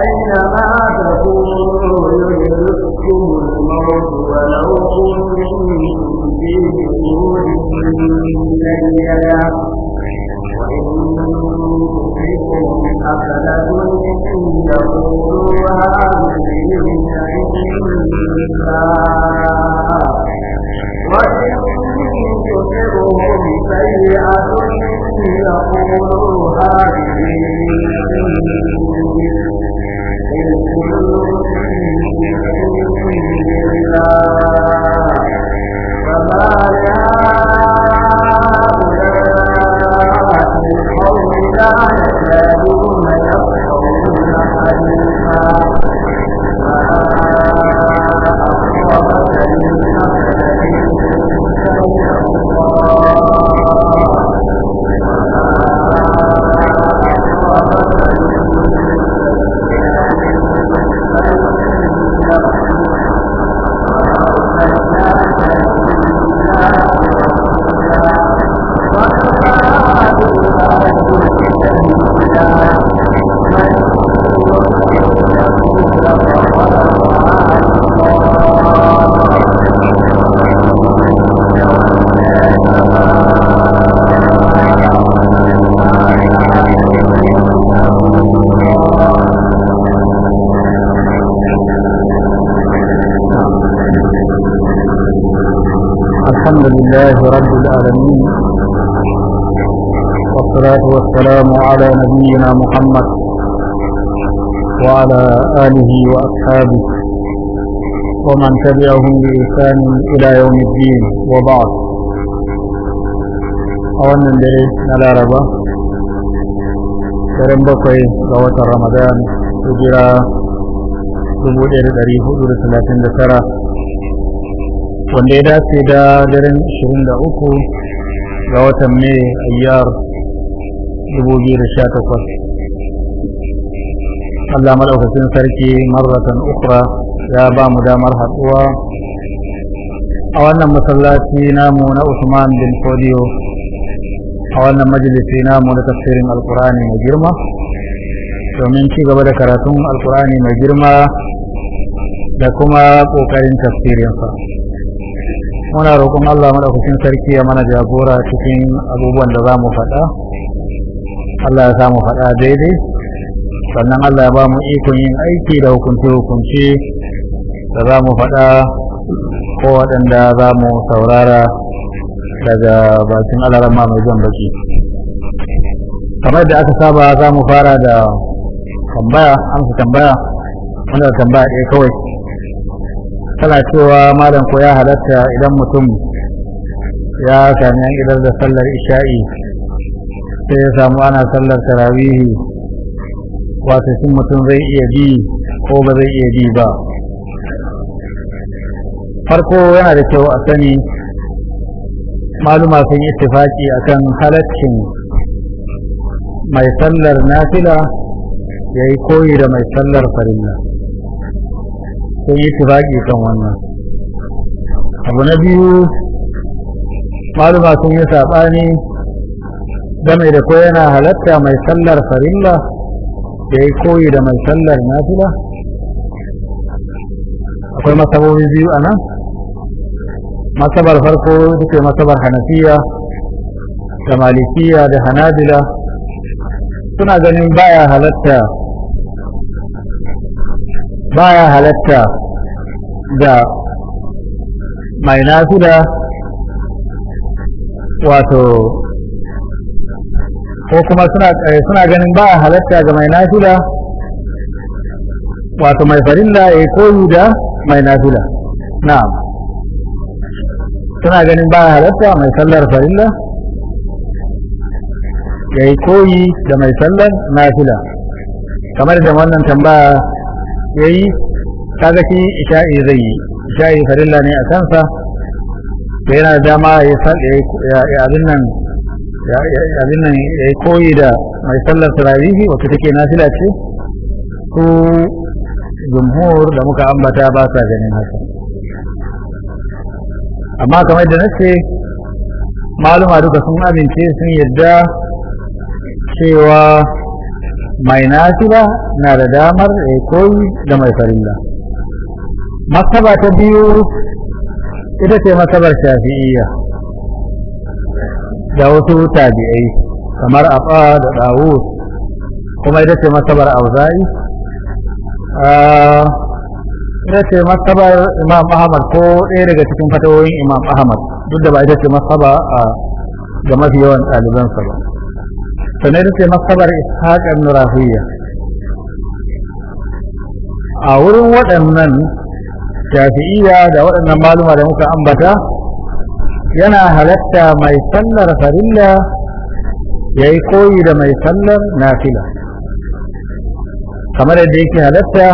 أينما تكونوا يدرككم الموت ولو كنتم في بطون مليا وإن تدركم أحدا يقولوا هذه من عند الله وإن تدركم سيئة يقولوا لله رب العالمين والصلاة والسلام على نبينا محمد وعلى آله وأصحابه ومن تبعهم بإحسان إلى يوم الدين وبعد أولا لإيه نلا ربا كرمبكوي غوة رمضان hijira 1439 wanda ya dace da daren 23 ga watan mai ayyar 2018 Allah maɗaukacin sarki marratan ukra ya ba mu damar haɗuwa a wannan masallaci namu na Usman bin Fodiyo a wannan majalisi namu na tafsirin alkurani mai girma domin ci gaba da karatun alkurani mai girma da kuma ƙoƙarin tafsirinsa. muna roƙon Allah madaukakin sarki ya mana jagora cikin abubuwan da za mu faɗa Allah ya samu faɗa daidai sannan Allah ya ba mu ikon yin aiki da hukunce-hukunce da za mu faɗa ko waɗanda za mu saurara daga bakin alarama mai jan baki kamar da aka saba za mu fara da tambaya amsa tambaya wanda tambaya ɗaya kawai kana cewa malam ko ya halatta idan mutum ya sami an idar da sallar isha'i sai ya samu ana sallar tarawihi wato shin mutum zai iya bi ko ba zai iya bi ba farko yana da kyau a sani maluma sun yi a kan halaccin mai sallar nafila ya yi koyi da mai sallar farilla sai yi turaƙi kan wannan abu na biyu maluma sun yi saɓani game da ko yana halatta mai sallar farilla ya yi koyi da mai sallar nafila akwai matsaloli biyu a nan matsabar farko suke masabar hanafiya da malikiya da hanabila suna ganin baya halatta baya halatta da mai nasuda wato ko kuma suna eh, ganin ba halatta ga mai nafila wato mai farinda ya koyi da mai nafila na'am suna ganin ba halatta mai sallar farinda, ya yi koyi da mai sallar nafila kamar da wannan tambaya yayi kaga shi isha'i zai yi isha'i farilla ne a kansa to yana da dama ya abin nan abin nan ya koyi da mai sallar tarawihi wacce take nafila ce ko jumhur da muka ambata ba sa ganin haka amma kamar da nace maluma duka sun amince sun yadda cewa mai nasira na da damar ya koyi da mai farilla masaba ta biyu ita ce masabar shafi'iyya da wasu tabi'ai kamar afa da dawud kuma ita ce masabar auza'i ita ce masabar imam ahmad ko ɗaya daga cikin fatawoyin imam ahmad duk da ba ita ce masaba ga mafi yawan ɗalibansa ba sannan rufe masabar ishaq ibn rahiya a wurin waɗannan shafi'iya da waɗannan maluma da muka ambata yana halatta mai sallar farilla ya yi koyi da mai sallar nafila kamar yadda yake halatta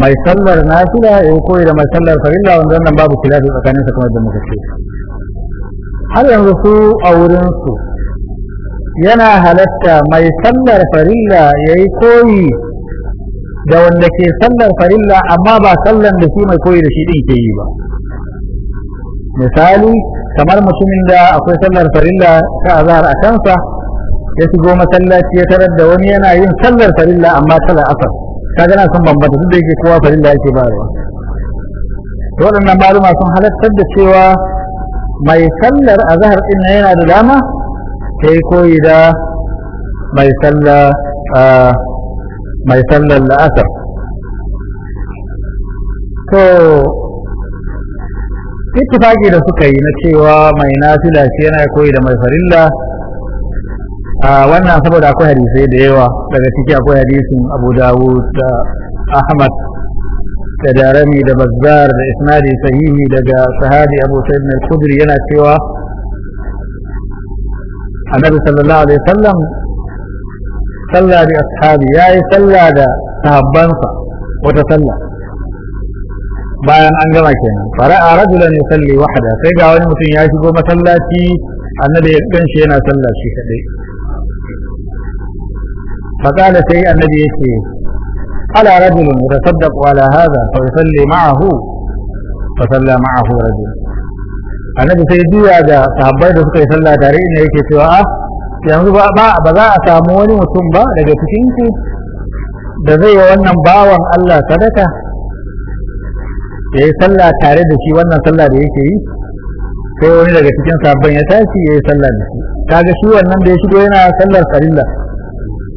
mai sallar nafila ya yi koyi da mai sallar farilla wanda wannan babu kilafi tsakaninsa sa kamar da muka ce har yanzu su a wurinsu yana halatta mai sallar farilla ya yi koyi da wanda ke sallar farilla amma ba sallar da shi mai koyi da shi ɗin ke yi ba misali kamar mutumin da akwai sallar farilla ta azahar a kansa ya shigo masallaci ya tarar da wani yana yin sallar farilla amma sallar asar Ta gana son bambanta duk da yake kowa farilla yake bayarwa to waɗannan maluma sun halartar da cewa mai sallar azahar ɗin yana da dama ko yi da mai sallar la'asar to ittifaki da suka yi na cewa mai nafila shi yana koyi da mai farilla wannan saboda akwai hadisai da yawa daga ciki akwai hadisin abu dawud da ahmad da darami da bazzar da isnadi sahihi daga sahabi abu sayyid al-khudri yana cewa النبي صلى الله عليه وسلم صلى لأصحابه يا يصلى دا تهبنصا وتصلى بايان أنجمع كينا فرأى رجلا يصلي وحده يا شيخ ونمتن يشبه شيء النبي يكون شينا صلى شيء كده فقال شيء النبي يشي قال رجل يتصدق على هذا فيصلي معه فصلى معه رجل annabi sai juya ga sahabbai da suka yi sallah tare ne yake cewa a ah, yanzu ba ba za a samu wani mutum ba daga cikin ku da zai yi wannan bawan Allah sadaka ya yi sallah tare da shi wannan sallah da yake yi sai wani daga cikin sabbin ya tashi ya yi sallah da shi kaga shi wannan da ya shigo yana sallar farilla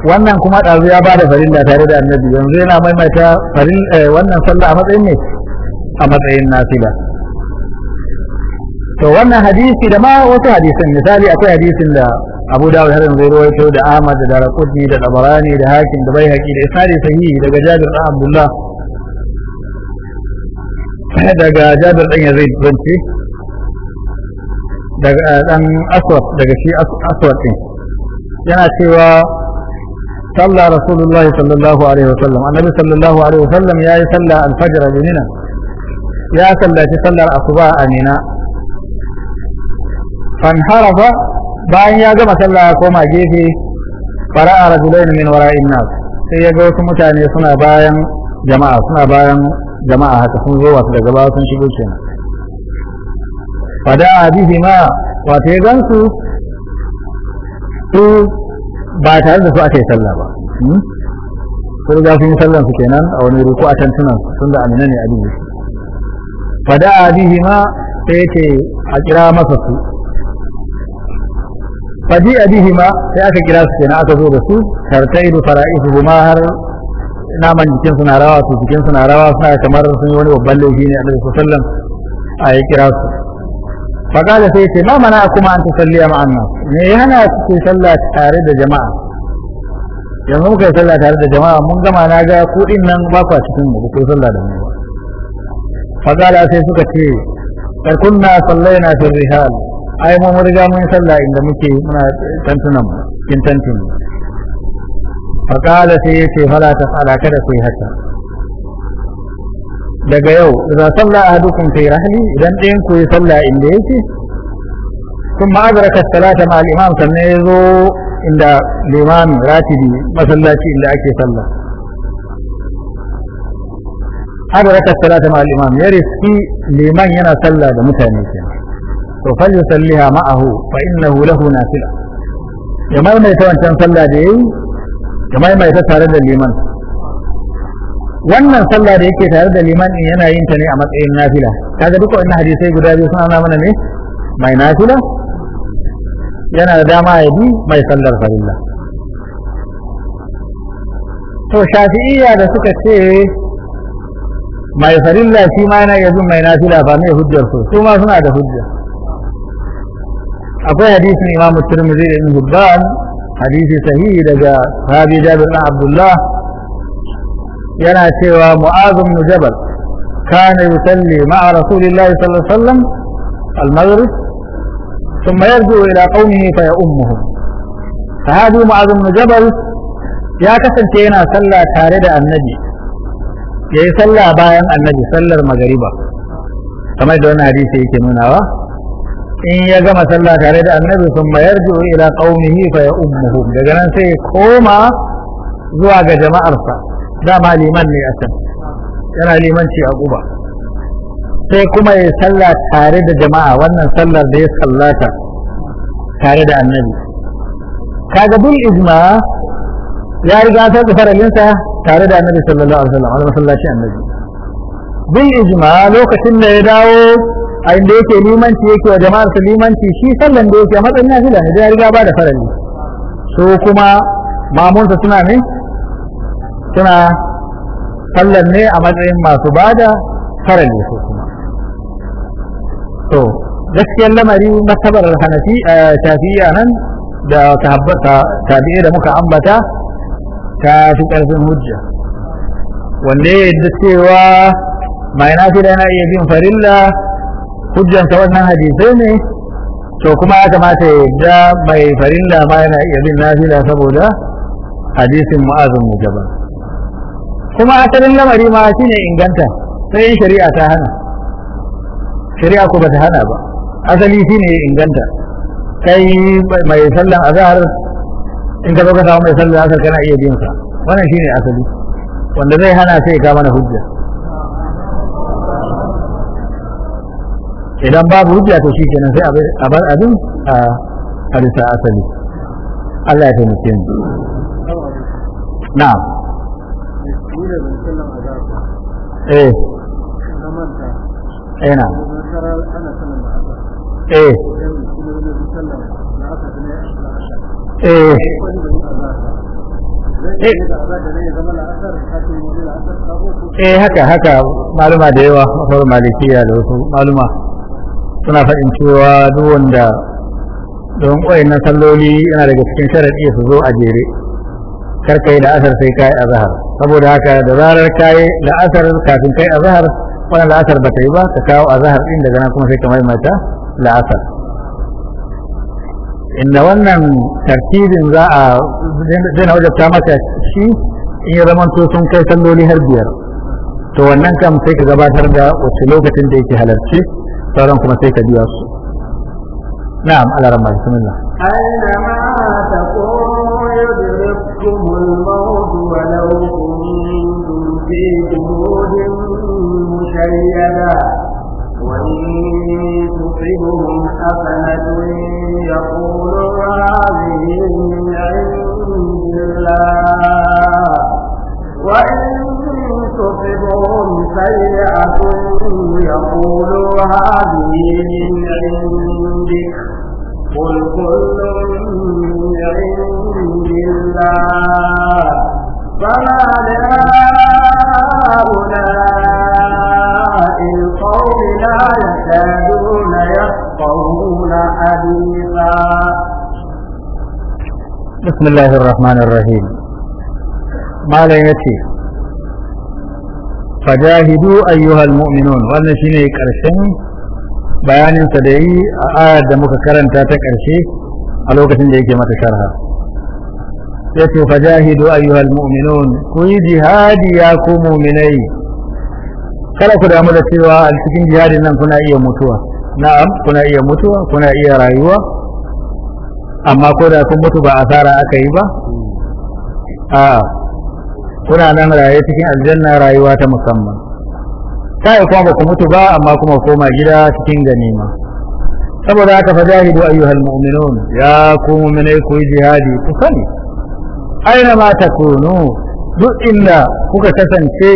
wannan kuma ɗazu ya bada farilla tare da annabi yanzu yana maimaita eh, wannan sallah a matsayin ne a matsayin ba. to wannan hadisi da ma wasu hadisan misali akwai hadisin da Abu Dawud har yanzu da Ahmad da Darqutni da Tabarani da Hakim da Baihaqi da Isari sahihi daga Jabir bin Abdullah daga Jabir dan Yazid bin daga eh, dan Aswad daga shi Aswad din yana cewa صلى رسول الله صلى الله عليه وسلم النبي صلى الله عليه وسلم يا صلى الفجر بمنى يا صلى صلى الصباح أمينا fanharafa bayan ya gama sallah ya koma gefe fara'a rajulain min wara'in nas sai ya ga wasu mutane suna bayan jama'a suna bayan jama'a haka sun zo wasu daga baya sun shigo kenan fada bihi ma wa ta gansu su ba tare da su aka yi sallah ba hmm? sun ga sun yi sallan su kenan a wani ruku a can tunan sun da amina ne a bihi fada bihi ma sai ke a kira masa su faji abihima sai aka kira su kenan aka zo da su da tartailu kuma har naman jikin suna rawa su jikin suna rawa suna kamar sun yi wani babban laifi ne annabi sallallahu alaihi wasallam a yi kira su faqala sai ce ma mana kuma an tusalliya ma'an nas me yana ku sallah tare da jama'a yanzu muka yi sallah tare da jama'a mun gama na ga kuɗin nan ba kwa cikin mu ku sallah da mu faqala sai suka ce kar kunna na fi rihal ai mun riga mun sallah inda muke muna tantunan cikin tantun kala sai yace fala ta fala kada ku yi haka daga yau idan sallah ahadukum fi rahli idan ɗayan ku yi sallah inda yake kun ma adraka salata ma al-imam sannan yazo inda liman ratibi masallaci inda ake sallah adraka salata ma al-imam yari liman yana sallah da mutane kenan to falyusalliha ma'ahu fa innahu lahu nafila ya maimaita wancan sallah da yayi ya maimaita tare da liman wannan sallah da yake tare da liman yana yin ta ne a matsayin nafila kaga duka wannan hadisai guda biyu suna nuna mana ne mai nafila yana da dama ya bi mai sallar farilla to shafi'iyya da suka ce mai farilla shi ma yana iya bin mai nafila ba mai hujjar su su ma suna da hujja أقول حديث الإمام الترمذي بن هبان حديث صحيح لدى هذه جابر بن عبد الله ينا سوى معاذ بن جبل كان يصلي مع رسول الله صلى الله عليه وسلم المغرب ثم يرجع إلى قومه فيؤمهم فهذه معاذ بن جبل يا كسر كينا صلى تارد النبي يصلى باين النبي صلى المغربة كما يقولون حديث يكي in ya gama sallah tare da annabi sun mayar ji'u ila qaumihi fa ya umuhu daga nan sai koma zuwa ga jama'arsa dama liman ne a can yana limanci a guba sai kuma ya sallah tare da jama'a wannan sallar da ya sallata tare da annabi kaga bil ijma ya riga ta faralinsa tare da annabi sallallahu alaihi wasallam a masallacin annabi bil ijma lokacin da ya dawo a inda yake limanci yake wa jama'ar su limanci shi sallan da yake matsayin nafila da ya riga ba da farali so kuma mamunsa suna ne suna sallan ne a matsayin masu ba da farali so kuma to gaskiyar lamari matabar hanafi tafiya eh, nan da tabi'ai da muka ambata ta fi ƙarfin hujja wanda ya yadda cewa mai da yana iya bin farilla hujjansa wannan hadisai ne to kuma ya kamata ya ga mai farilla ma yana iya bin nafila saboda hadisin mu'azin mujaba kuma asalin lamari ma shine inganta sai shari'a ta hana shari'a ko bata hana ba asali shine inganta kai mai sallan azhar in ka zo ka samu mai sallan azhar kana iya bin sa wannan shine asali wanda zai hana sai ka mana hujja idan babu hujja to shikenan sai a bar abin a harisa asali Allah ya taimake mu na'am eh eh na eh. eh eh eh haka haka maluma da yawa mafar malikiya da wasu maluma suna faɗin cewa duk wanda don ƙwai na salloli yana daga cikin sharaɗi su zo a jere kar kai da asar sai kai azhar saboda haka da zarar kai da asar kafin kai azhar wannan da asar bata yi ba ka kawo azhar din daga nan kuma sai ka maimaita la asar inda wannan tartibin za a zai na wajabta maka shi in yi zama to sun kai salloli har biyar to wannan kam sai ka gabatar da wace lokacin da yake halarci sauran kuma sai ka biya su na'am ala ramma bismillah aina ma taqulu yudrikum al-maut wa law kuntum fi mushayyada wa in hasanatun yaqulu hadhihi min 'indillah wa in سيئة يقول هذه من عندك قل كل من عند الله فما لهؤلاء القوم لا يكادون يفقهون حديثا بسم الله الرحمن الرحيم ما لا يتيه fajahidu ayyuhal mu'minun wannan shine karshen bayanin sa da yi a ayar da muka karanta ta karshe a lokacin da yake mata sharha yace fajahidu ayyuhal mu'minun ku yi jihadi ya ku mu'minai kala ku damu da cewa a cikin jihadin nan kuna iya mutuwa na'am kuna iya mutuwa kuna iya rayuwa amma ko da kun mutu ba asara aka yi ba a kuna nan raye cikin aljanna rayuwa ta musamman kai kuma ba ku mutu ba amma kuma koma gida cikin ganima saboda haka fa jahidu ayyuhal mu'minun ya ku mu'minai ku jihadi ku sani aina ma takunu duk inda kuka kasance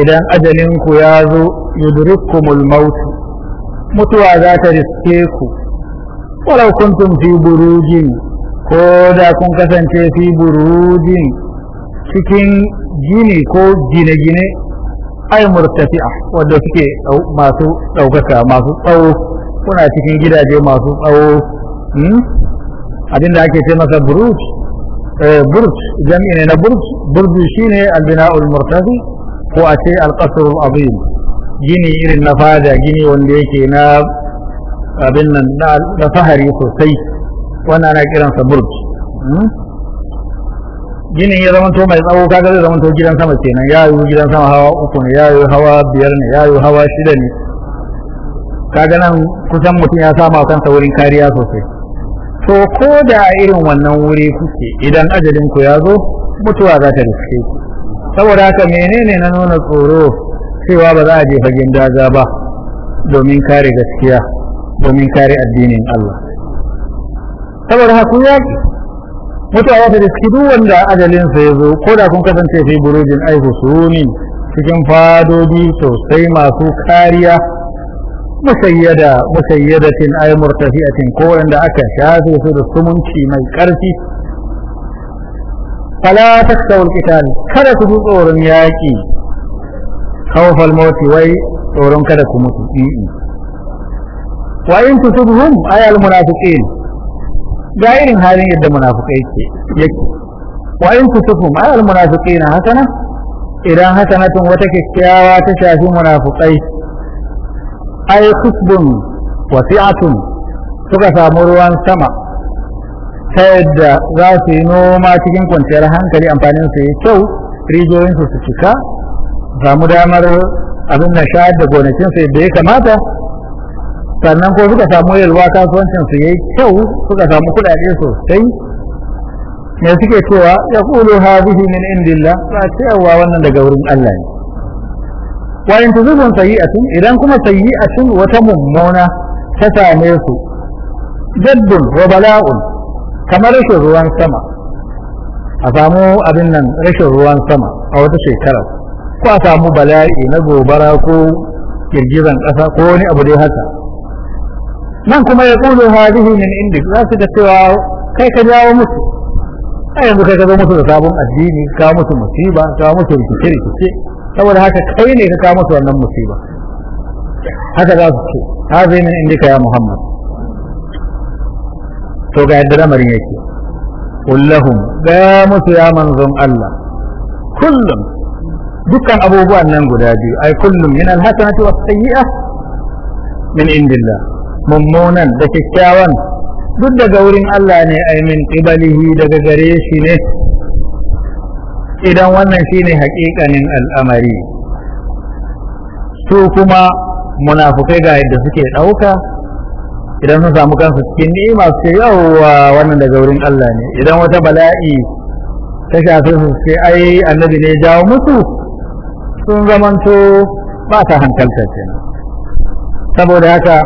idan ajalin ku ya zo yudrikkumul maut mutuwa za ta riske ku walau kuntum fi burujin ko da kun kasance fi burujin cikin gini ko gine-gine ai murtafi'a wanda suke masu ɗaukaka masu tsawo kuna cikin gidaje masu tsawo hmm? abinda ake ce masa buruj eh, burj jam'i ne na burj burj shine albina'ul murtafi ko a ce alƙasar azim gini irin na fada gini wanda yake na abin nan na fahari sosai wannan ana kiransa burj hmm? ginin ya to mai tsawo kaga zai to gidan sama kenan ya yi gidan sama hawa uku ne ya yi hawa biyar ne ya yi hawa shida ne kaga nan kusan mutum ya sama kansa wurin kariya sosai to ko da irin wannan wuri kuke idan ajalin ku ya zo mutuwa za ta riske ku saboda haka menene na nuna tsoro cewa ba za a je fagen daga ba domin kare gaskiya domin kare addinin Allah saboda haka ku mutuwa ta riski duk wanda ajalinsa ya zo ko da kun kasance fi burujin su husuni cikin fadodi sosai masu kariya musayyada musayyadatin ay murtafi'atin ko wanda aka shafe su da sumunci mai karfi fala taksawul qital kada ku tsoron yaki khawfal maut wai tsoron kada ku mutu wa in tusibhum ay al munafiqin ga irin halin yadda munafuka ke yake wa in kusukum ayal munafiqina hasana idan hasanatun wata kyakkyawa ta shafi munafukai ay khusbun wasi'atun suka samu ruwan sama ta yadda za su yi noma cikin kwanciyar hankali amfanin su yi kyau rijiyoyin su su cika samu damar abin na shayar da gonakin su yadda ya kamata sannan ko suka samu yalwa kasuwancin su yayi kyau suka samu kuɗaɗe sosai me suke cewa ya kulu hadhihi min indillah ba cewa wannan daga wurin Allah ne wa in tuzibun sayyi'atun idan kuma sayyi'atun wata mummuna ta same su jaddun wa bala'un kamar rashin ruwan sama a samu abin nan rashin ruwan sama a wata shekara ko a samu bala'i na gobara ko girgizan ƙasa ko wani abu dai haka nan kuma ya kulu hadihi min indik za su da cewa kai ka jawo musu a yanzu kai ka zo musu da sabon addini ka musu musiba ka musu rikice saboda haka kai ne ka kawo musu wannan musiba haka za su ce hadihi min indika ya muhammad to ga yadda lamarin yake kullahum ga musu ya manzon Allah kullum dukkan abubuwan nan guda biyu ai kullum min alhasanati mummunan da kyakkyawan duk daga wurin Allah ne ai min qibalihi daga gare shi ne idan wannan shi ne haƙiƙanin al'amari su kuma munafukai ga yadda suke ɗauka idan sun samu kansu cikin ni'ima su yawwa wannan daga wurin Allah ne idan wata bala'i ta shafi su ai annabi ne jawo musu sun zamanto ba ta hankalta kenan saboda haka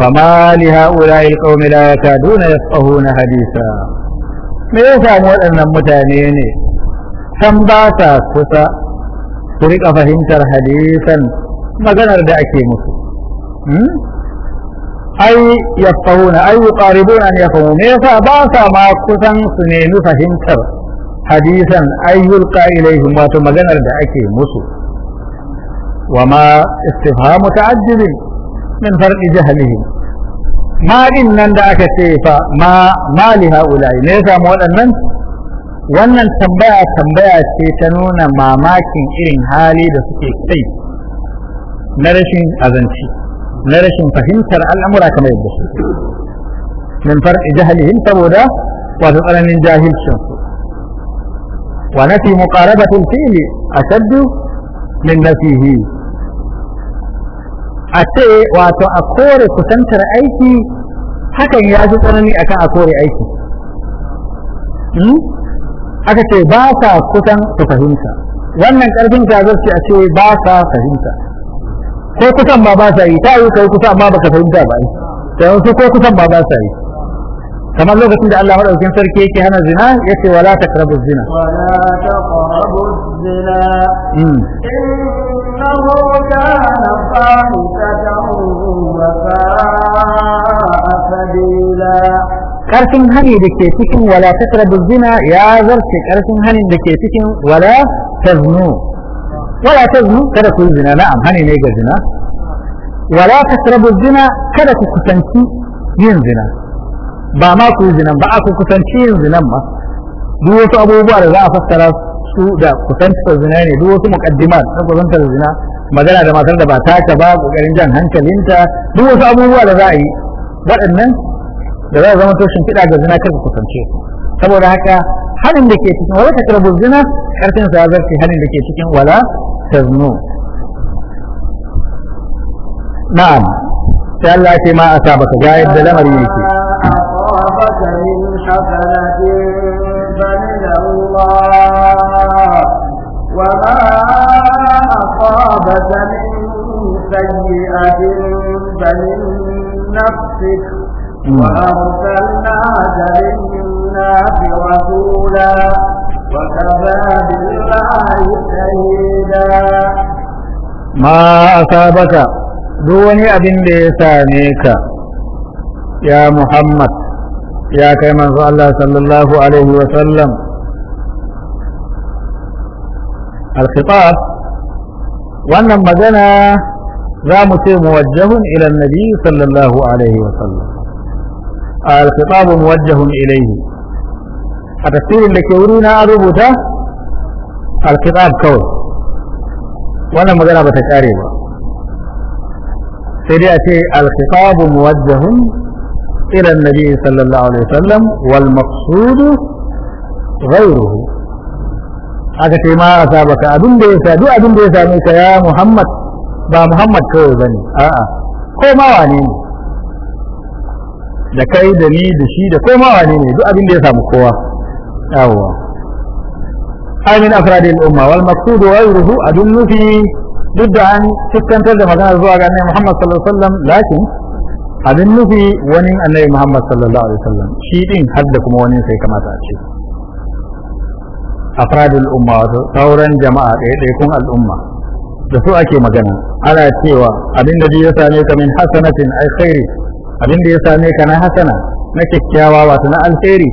fama li ha'ula'i qaumi la yakaduna yafqahuna me ya samu waɗannan mutane ne san ba sa kusa su riƙa fahimtar hadisan maganar da ake musu hmm? ai ya fahuna ai yuqaribuna an yafhamu me yasa ba sa ma kusan su nemi fahimtar hadisan ai yulqa ilaihim wato maganar da ake musu wama istifhamu ta'ajjubin من فرق جهلهم ما إن ذاك كيف ما ما لهؤلاء ليس مولا من وأن تنباع تنباع تنون ما ماكن إن حالي لسكي كي نرشين أذنشي نرشين فهم ترعى الأمر كما يبدو من فرق جهلهم تبودا وتقال من جاهل شنفو ونفي مقاربة الفيل أشد من نفيه a ce wato a kore kusantar aiki hakan ya fi tsanani akan a kore aiki hmm? aka ce ba sa kusan su fahimta wannan karfin ce a ce ba sa fahimta ko kusan ba ba sa yi ta yi kai kusan ba baka fahimta ba yi ta yi ko kusan ba ba sa yi كما لو قلت الله ولو كان سركي كي هنا زنا يتي ولا تقرب الزنا ولا تقرب الزنا إنه كان فاحشة وفاء سبيلا كارتن هني دكي تكن ولا تقرب الزنا يا زرتي كارتن هني دكي تكن ولا تزنو ولا تزنو كده الزنا نعم هني نيجا زنا ولا تقرب الزنا كده كتنكي ينزنا زنا ba ma ku zinan ba aku kusanci yin zinan ma duk wasu abubuwa da za a fassara su da kusantar zina ne duk wasu muqaddimat na kusantar zina magana da matar da ba ka ba kokarin jan hankalinta duk wasu abubuwa da za a yi waɗannan da za a zama tushen kiɗa ga zina kar ku kusance saboda haka halin da ke cikin wala takrabu zina karfin sa zarfi halin da ke cikin wala taznu na'am sai Allah ya ce ma ka ga yadda lamarin yake من حسنة فمن الله وما أصابك من سيئة فمن نفسك وأرسلناك للناس رسولا وكفى بالله شهيدا ما أصابك دون أبن بيسانيك يا محمد يا كما قال صلى الله عليه وسلم الخطاب وان مجنا رام موجه الى النبي صلى الله عليه وسلم الخطاب موجه اليه التفسير لك يورينا ربوتا الخطاب كون وانا مجنا بتكاريبا سيدي الخطاب موجه إلى النبي صلى الله عليه وسلم والمقصود غيره أجل ما أصابك أبن ديسا دو أبن ديسا ميك يا محمد با محمد كو زني آآ آه، آه. كو ما وانين دا دني دشي كو ما وانين دو أبن ديسا مكوا أهو أي من أفراد الأمة والمقصود غيره أدن في ضد عن سكان تلد مثلا الزواج محمد صلى الله عليه وسلم لكن abin nufi wani annabi Muhammad sallallahu alaihi wasallam shi din har da kuma wani sai kamata a ce afradul umma wato sauran jama'a ɗaya kun al'umma da su ake magana ana cewa abin da ya same ka min hasanatin ai khairi abin da ya same ka na hasana na kyakkyawa wato na alkhairi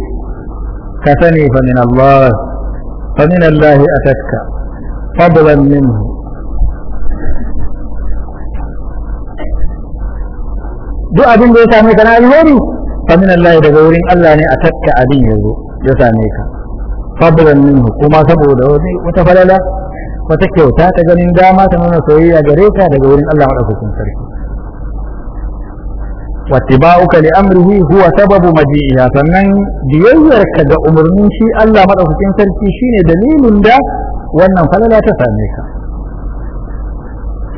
ka sani fa min Allah fa min Allah atatka fadlan minhu duk abin da ya same ka na alheri fa min Allah daga wurin Allah ne a tatta abin yazo ya same ka fadlan minhu kuma saboda wata falala wata kyauta ta ganin dama ta nuna soyayya gare ka daga wurin Allah madaukakin sarki wattiba'uka li amrihi huwa sababu maji'iha sannan biyayyarka ga umarnin shi Allah madaukakin sarki shine dalilin da wannan falala ta same ka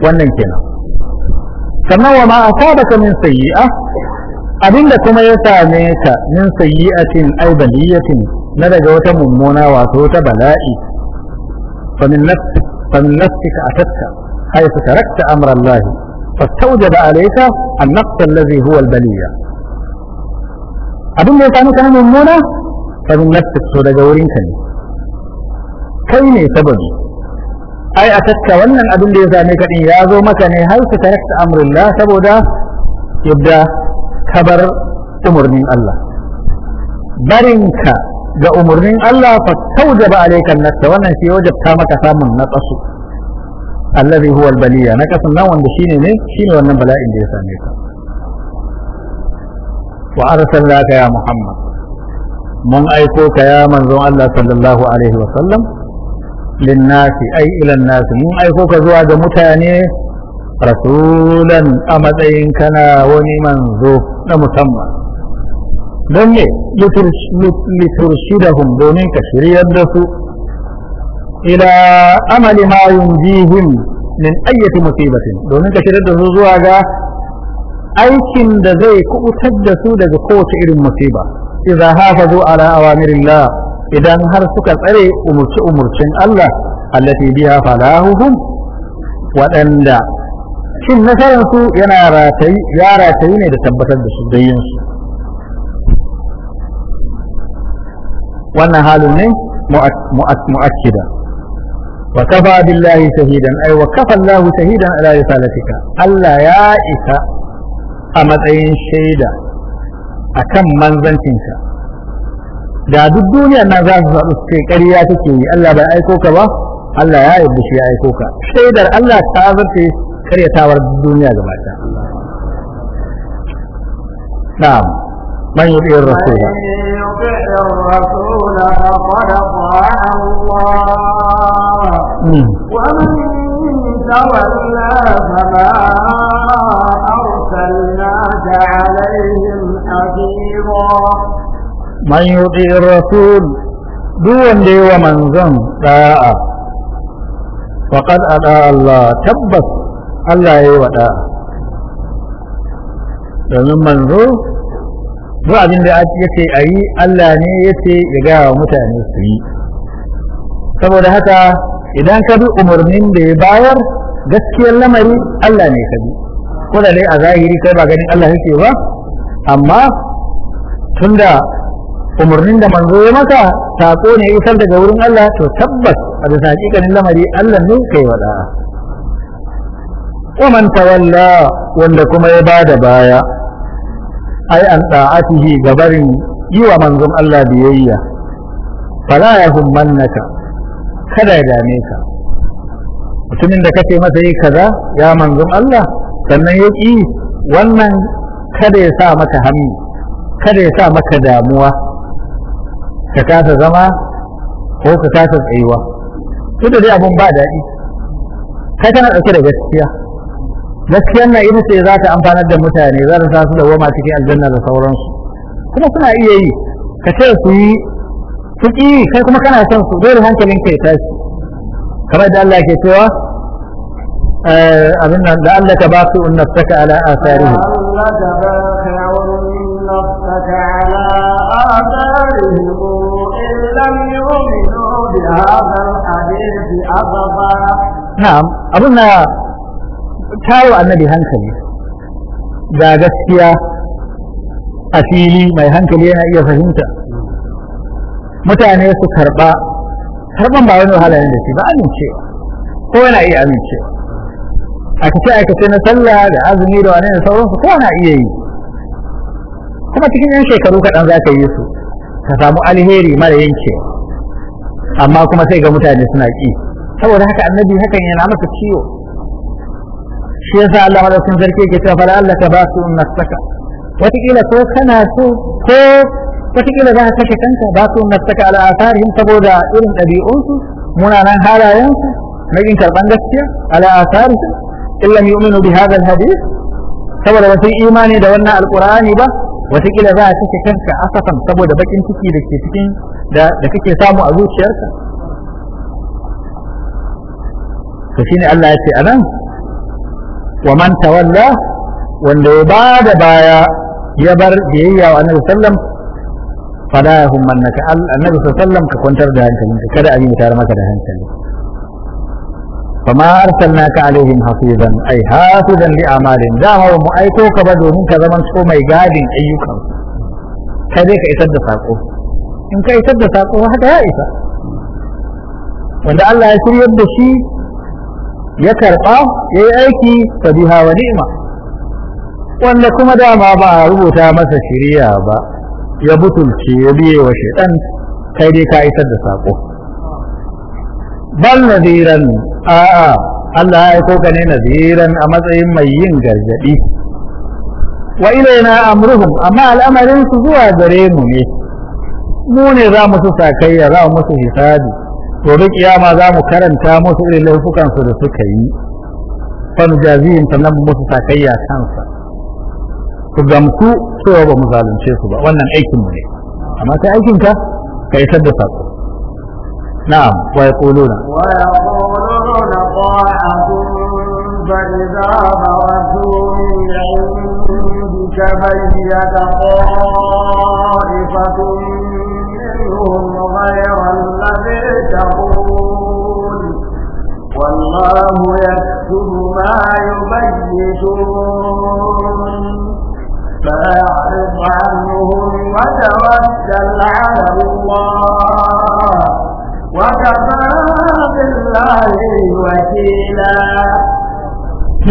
wannan kenan sannan wa ma asabaka min sayyi'a abinda kuma ya same ka min sayyi'atin ay baliyatin na daga wata mummuna wato ta bala'i fa min nafsi fa min nafsika atatka haythu tarakta amra Allah fastawjaba alayka an-nafs alladhi huwa al-baliya abinda ya same ka mummuna fa min nafsika to daga wurinka ne kai ne sababi ai a tatta wannan abin da ya same ka din ya zo maka ne har ka tarakta amrullah saboda yadda kabar umurnin Allah barinka ga umurnin Allah fa taujaba alayka nasta wannan shi wajabta maka samun naqasu allazi huwa albaliya naqasun nan wanda shine ne shine wannan bala'in da ya same ka wa arsalnaka ya muhammad mun aiko ka ya manzon Allah sallallahu alaihi wa sallam linnasi ai ilan nasi mun aiko ka zuwa ga mutane rasulan a matsayin kana wani manzo na musamman don ne hun domin ka shiryar da su ila amali ma yunjihim min ayyati musibatin domin ka shiryar da su zuwa ga aikin da zai kubutar da su daga kowace irin musiba idza hafazu ala awamirillah idan har suka tsare umurce umurcin Allah allati biha falahuhum waɗanda shin nasararsu yana ratayi ya ratayi ne da tabbatar da su su wannan halin ne mu'akkida wa kafa billahi shahidan ay wa kafa Allahu shahidan ala risalatika Allah ya isa a matsayin shaida akan manzancinka da duk duniyar nan za su faɗi su ce ƙarya take yi Allah bai aiko ka ba Allah ya yarda shi ya aiko ka shaidar Allah ta zarce karyatawar duniya gaba ta na'am man yuti ar-rasul الرسول فقد طاع الله ومن تولى فما أرسلناك عليهم حفيظا man yuti rasul duk wanda yi wa manzon da'a faqad ada Allah tabbas Allah yayi wa da'a domin manzo duk ya ce a ayi Allah ne yace ya wa mutane su yi saboda haka idan ka bi umarnin da ya bayar gaskiyar lamari Allah ne ka bi ko da dai a zahiri kai ba ganin Allah yake ba amma tunda umarnin da manzo ya masa sako ne isar daga wurin Allah to tabbas a bisa hakikanin lamari Allah ne kai wada ومن تولى وندكم عبادة بايا أي أن طاعته جبر يوى منظم الله بيئية فلا يهمنك kada ya dame ka mutumin da kace masa yi kaza ya manzon Allah sannan ya ƙi wannan kada ya sa maka hannu kada ya sa maka damuwa ka kasa zama ko ka kasa tsayuwa duk da dai abun ba daɗi kai kana ɗauke da gaskiya gaskiya na ita ce za ta amfanar da mutane za ta su da cikin aljanna da sauransu kuma suna iya yi ka ce su yi su ƙi kai kuma kana son su dole hankalin kai tashi kamar da Allah ke cewa eh, abin nan da Allah ka ba su unnafsaka ala asarihi Allah ba unnafsaka ala آثارهم إن لم يؤمنوا بهذا الحديث أبدا نعم أظن kawo annabi hankali ga gaskiya a fili mai hankali yana iya fahimta mutane su karba karban ba wani wahala ne da shi ba amincewa ko yana iya amincewa a kace a na sallah da azumi da wani sauransu ko yana iya yi kuma cikin yan shekaru kaɗan za ka yi su ka samu alheri mara yanke, amma kuma sai ga mutane suna ƙi saboda haka annabi hakan yana masa ciwo shi yasa Allah da sun zarke ke cewa fala Allah ka basu nafsaka wataƙila ko kana so ko wataƙila za ka kashe kanka ba basu nafsaka ala atharihim saboda irin ɗabi'unsu munanan halayensu na ƙin karɓan gaskiya ala atharihim illam yu'minu bi hadha al-hadith saboda ba sun imani da wannan alqur'ani ba watakila za a kashe kanka asafan saboda bakin ciki da ke cikin da kake samu a zuciyarka to shine Allah ya ce anan wa man tawalla wanda ya ba da baya ya bar biyayya wa annabi sallam fala hum annaka annabi sallam ka kwantar da hankalinka kada a yi tare maka da hankali فما أرسلناك عليهم حفيظا أي حافظا لأعمالهم دام هو مؤيكوك بدو منك زمن سو مي قادم أيوك كذلك إسد ساقو إن كإسد ساقو حتى يائسا وإن الله يسير يبدو شيء يكرقا يأيكي فبها ونعمة وإن لكم دام أبا ربطا مسا شريا أبا يبطل شيء يبيه وشيئا كذلك إسد ساقو بل نذيرا a'a Allah ya aiko ka ne naziran a matsayin mai yin gargadi wa ilaina amruhum amma al'amarin su zuwa gare mu ne mu ne za mu su sakayya za mu su hisabi to duk kiyama za mu karanta musu irin laifukan su da suka yi fa ta nan musu sakayya kansa ku gamsu cewa ba mu zalunce su ba wannan aikin mu ne amma kai aikin ka kai isar na'am wa yaquluna wa yaquluna فإذا بردوا من عندك بيت طائفة منهم غير الذي تقول والله يكتب ما يبيتون فأعرض عنهم وتوكل على الله وكفى بالله وكيلا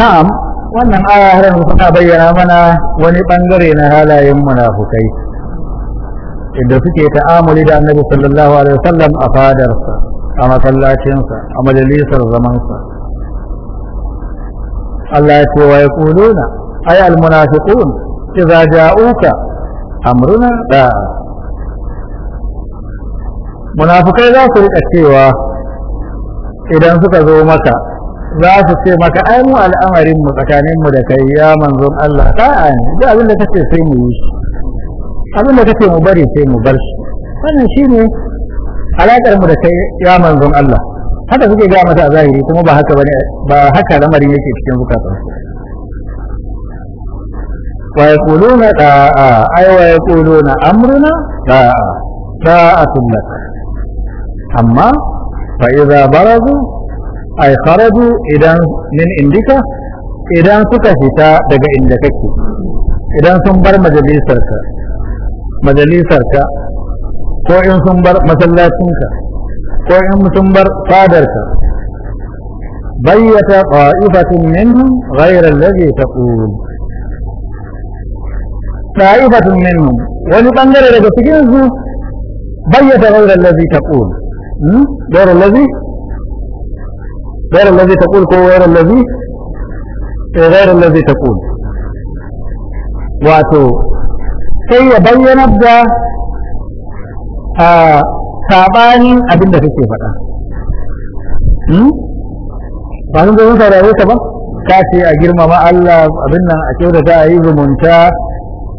نعم wannan aya har suna bayyana mana wani bangare na halayen munafukai inda suke ta'amuli da annabi sallallahu alaihi wasallam a fadarsa a masallacinsa a majalisar zamansa Allah ya ce wa yaquluna ay al munafiqun idza ja'uka amruna da. munafukai za su rika cewa idan suka zo maka za su ce maka ai mu al'amarin mu tsakanin mu da kai ya manzon Allah ta'a ne da abin da kace sai mu yi abin da kace mu bari sai mu bar shi wannan shine alaƙar mu da kai ya manzon Allah haka suke ga mata a zahiri kuma ba haka bane ba haka lamarin yake cikin zukatan wa yaquluna da'a ay wa yaquluna amruna da'a da'atul lak amma fa iza barazu ay kharaju idan min indika idan suka fita daga inda kake idan sun bar majalisarka majalisarka ko in sun bar masallacinka ko in sun bar fadarka bayyata ta'ifatin minhum ghayra alladhi taqul ta'ifatin minhum wani bangare daga cikin su bayyata ghayra alladhi taqul غير الذي غير الذي تقول كو غير الذي غير الذي تقول واتو sai ya bayyana da a sabanin abin da kake faɗa ba sun zo saurare ka ba ka ce a girmama Allah abin nan a kyau da a yi zumunta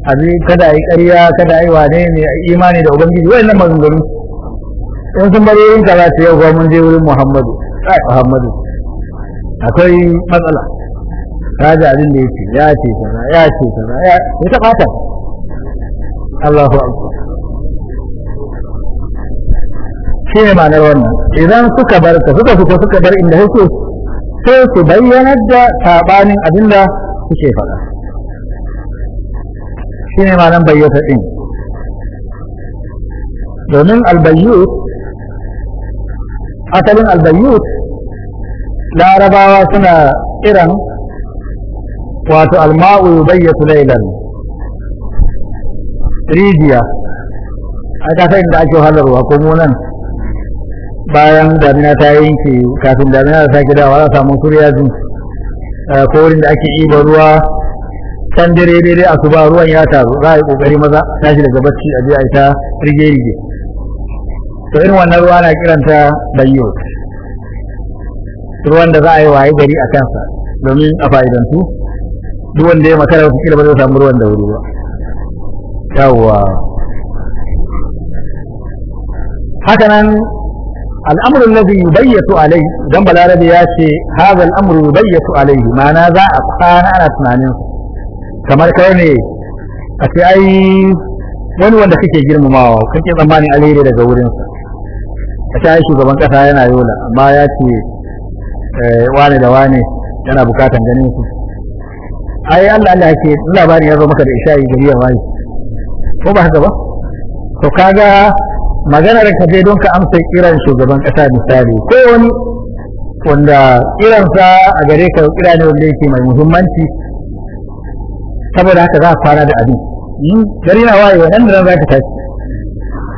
abin kada a yi ƙarya kada a yi wane ne a imani da ubangiji wa'annan maganganu in sun bari yin kaza ta yau mun je wurin muhammadu ai muhammadu akwai matsala ta ji abin da yake ya ce kaza ya ce kaza ya ce ta bata Allahu akbar shi ne ma'anar wannan idan suka bar ka suka fito suka bar inda yake sai su bayyana da sabanin abin da suke faɗa shi ne ma'anar bayyata ɗin domin albayyut asalin albayyut larabawa suna irin wato alma'u bayyatu laylan rijiya a kasa inda ake halarwa ko munan bayan damina ta yanke kafin damina ta sake dawa za a samu eh, ko wurin da ake iba ruwa san dare dare a su ba ruwan ya taru za a yi kokari maza tashi daga bacci a je a ita rige rige to irin wannan ruwa na kiranta bayyot ruwan da za a yi waye gari a kansa domin a fa'idantu duk wanda ya makara wata kila ba zai samu ruwan da wuri ba yawwa haka nan al'amurin lafi yubayyatu alai dan balarabe ya ce haza al'amuru yubayyatu alai ma'ana za a kwana ana tunanin kamar kai a ce ai wani wanda kake girmamawa kake tsammani alheri daga wurinsa a ta shugaban kasa yana yola amma ya ce eh, wane da wane yana bukatan ganin su ai Allah Allah ke labarin ya zo maka da isha'i gari ya wani ko ba haka ba to kaga maganar ka je don ka amsa kiran shugaban kasa misali ko wani wanda kiransa a gare ka kira ne wanda yake mai muhimmanci saboda haka za a fara da abin hmm, gari na waye nan da za ka tashi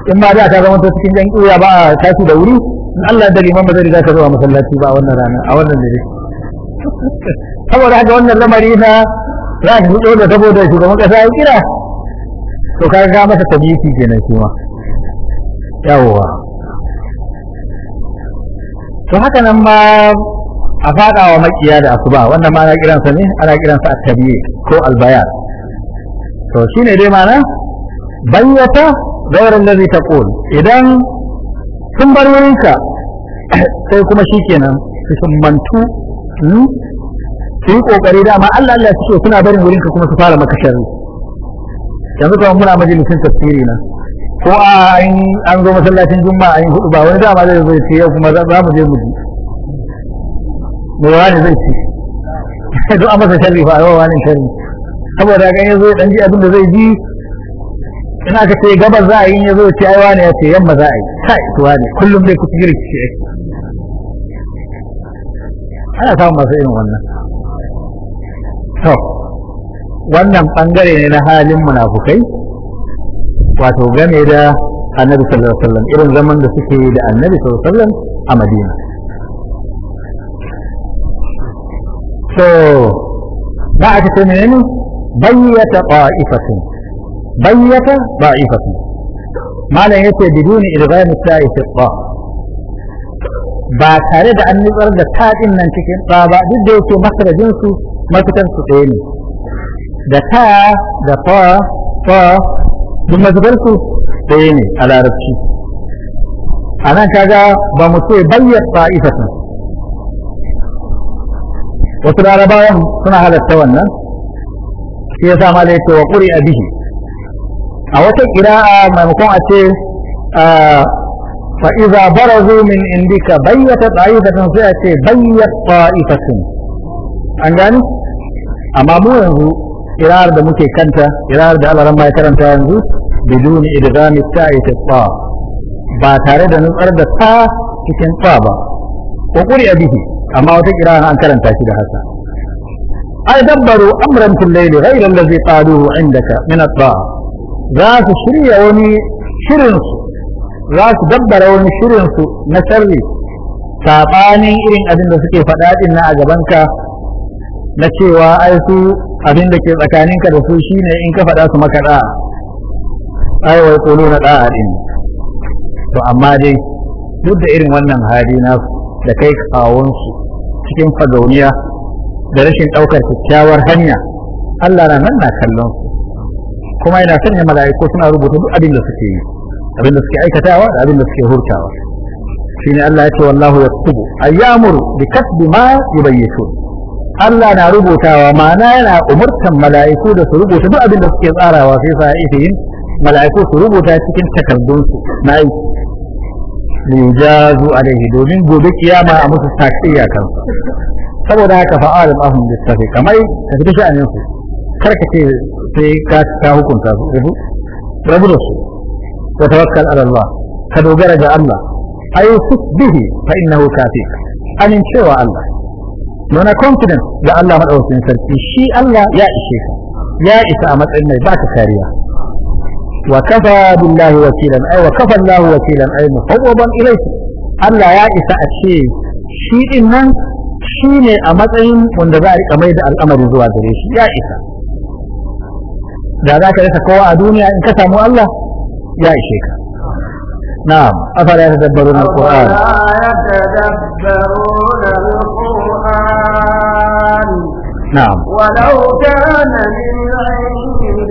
in ma da ta zama ta cikin yan iya ba a tashi da wuri in Allah da liman bazari za riga zo a masallaci ba a wannan rana a wannan dare saboda haka wannan lamari na za ka fito da saboda shugaban kasa ya kira to ka ga masa tabiki kenan shi ma yawwa to haka nan ma a faɗa wa makiya da asuba wannan ma ana kiransa ne ana kiransa at-tabiyi ko al-bayan to shine dai ma'ana bayyata gairar da zai taƙo idan sun bar wurinka sai kuma shi kenan su shimmantu su yi ƙoƙari dama Allah Allah suke suna barin wurinka kuma su fara maka yanzu kuma muna majalisin tafsiri na ko a an zo masallacin juma'a an yi hudu ba wani dama zai zai ya kuma za mu je mu ji wani zai ci? duk an masa sharri fa a wani sharri saboda ga zai dan ji abin da zai ji in aka ce gabas za a yi ya zo ce ai wani ya ce yamma za a yi kai to wani kullum dai kuka girki ce ana samun masu irin wannan to wannan bangare ne na halin munafukai wato game da annabi sallallahu alaihi wasallam irin zaman da suke da annabi sallallahu alaihi wasallam a madina so ba a ce menene bayyata qa'ifatin bayyata da'ifatu malam yace biduni irgham sa'i fi ba tare da an nutsar da ta din nan cikin ba ba duk da yake makarajin su mafitan su da ta da fa fa duk mazubar su ɗaya ne a larabci a nan kaga ba mu ce wasu larabawan suna halarta wannan shi ya sa ma a bihi a wata kira'a maimakon a ce ah, Fa'iza bara barazu min indika bayyata ta'ifatun sai a ce bayyata ta'ifatun an gani amma mu yanzu irar da muke kanta irar da alaran mai karanta yanzu bidun idghami ta'i fi ta ba tare da nutsar da ta cikin ta ba ko a bihi amma wata na an karanta shi da haka ai dabbaru amran kullayli ghayra allazi qaluhu indaka min at-ta'a za su shirya wani shirinsu za su dabbara wani shirinsu na sharri saɓanin irin abin da suke faɗa na a gabanka na cewa ai su abin da ke tsakaninka da su shine in ka faɗa su maka ɗa'a ai wai kolo na ɗa'a ɗin to amma dai duk da irin wannan hali na da kai kawunsu cikin fagauniya da rashin ɗaukar kyakkyawar hanya Allah na nan na kallon su kuma yana sanya mala'iku suna rubuta duk abin da suke yi abin da suke aikatawa da abin da suke hurtawa shine Allah ya ce wallahu yaktubu ayyamur bi kasbi ma yubayyitu Allah na rubutawa ma'ana yana umurtan mala'iku da su rubuta duk abin da suke tsarawa sai yin mala'iku su rubuta cikin takardunsu na aiki lijazu alaihi domin gobe kiyama a musu takiya kansu saboda haka fa'alim ahum bisafi kamar ka fita sha'anin su ka ce sai ka ta hukunta su rabu rabu da su wa tawakkal ala Allah ka dogara ga Allah ayu bihi fa innahu kafi anin cewa Allah nuna confidence ga Allah madaukakin sarki shi Allah ya ishe ka ya isa a matsayin mai ba baka kariya wa kafa billahi wakilan ay wa kafa Allah wakilan ay mufawwadan ilayka Allah ya isa a ce shi din nan shi ne a matsayin wanda za a riƙa mai da al'amari zuwa gare shi ya isa da za ka rasa kowa a duniya in ka samu Allah ya ishe ka na'am afala ya tadabbaru na alquran na'am walau kana min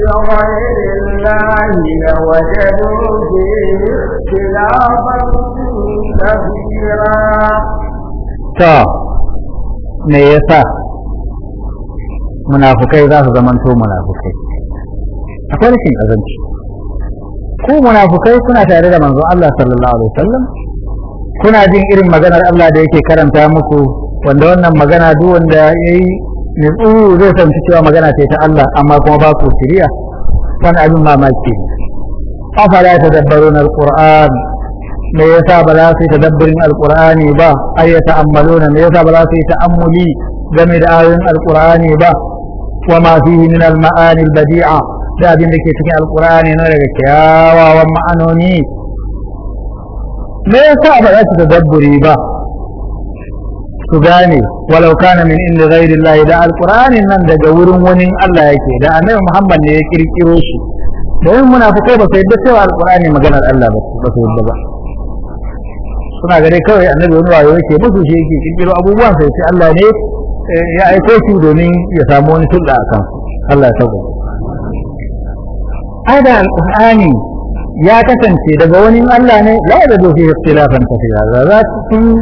غير الله لوجدوا فيه اختلافا كثيرا yasa munafukai za su zamanto munafukai akwai rashin azanci ku munafukai kuna tare da manzo Allah sallallahu alaihi wasallam kuna jin irin maganar Allah da yake karanta muku wanda wannan magana duk wanda yayi ne zai san cewa magana ce ta Allah amma kuma ba ku shiriya wani abin mamaki afala tadabbaruna alquran me yasa ba za su yi alqurani ba ay yata'ammaluna me yasa ba za su yi ta'ammuli game da ayoyin alqurani ba wa ma fihi min al-ma'ani al-badi'a da abin da ke cikin alkur'ani na daga kyawawan ma'anoni me yasa ba za su tadabburi ba su gane walau kana min inda ghairi Allah da alkur'ani nan daga wurin wani Allah yake da annabi Muhammad ne ya kirkiro shi domin munafikai ba su yadda cewa alkur'ani maganar Allah ba su yadda ba suna gare kawai annabi wani wayo yake musu shi yake kirkiro abubuwan sai Allah ne eh, ya aiko shi domin ya samu wani tulda a Allah ya tabbata Ada da ya kasance daga wani Allah ne la da dofi ikhtilafan kathira za su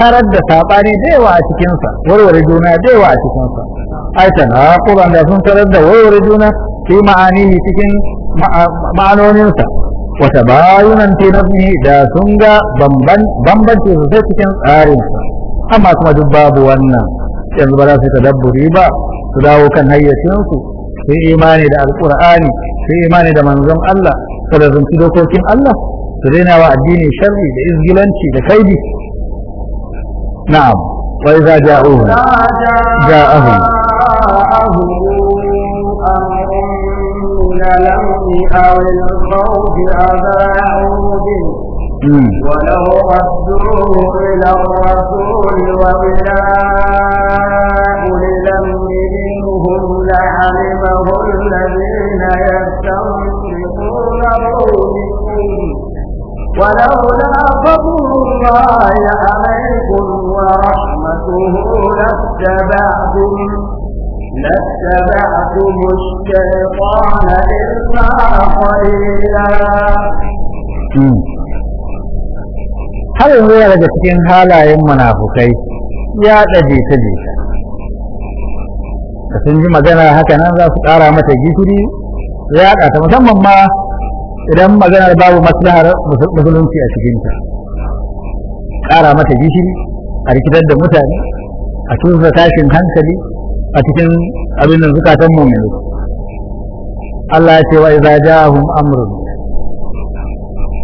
tarar da sabani da yawa a cikin warware juna da yawa a cikin sa ai ta da sun tarar da warware juna fi ma'ani cikin ma'anonin sa wa tabayunan fi nazmihi da sun ga bamban sosai cikin tsarinsa, sa amma kuma duk babu wannan yanzu ba za su tadabburi ba su dawo kan hayyacinsu su yi imani da alqur'ani su yi imani da manzon Allah su lazumci dokokin Allah su daina wa addini sharri da izgilanci da kaidi na'am wa idza ja'uhu ja'ahu أو الخوف أذاعوا به ولو ردوه إلى الرسول وإلى أولي لعلمه الذين يستنكرون قولكم ولولا فضل الله عليكم ورحمته لاتبعتم لاتبعتم الشيطان إلا قليلا har yanzu yana daga cikin halayen munafukai ya ɗaje ta jeta da sun ji magana haka nan za su ƙara mata gishiri ya ta musamman ma idan maganar babu maslahar musulunci a cikinta ƙara mata gishiri a rikitar da mutane a cusa tashin hankali a cikin abin da zukatan mummuni Allah ya ce wa idza ja'ahum amrun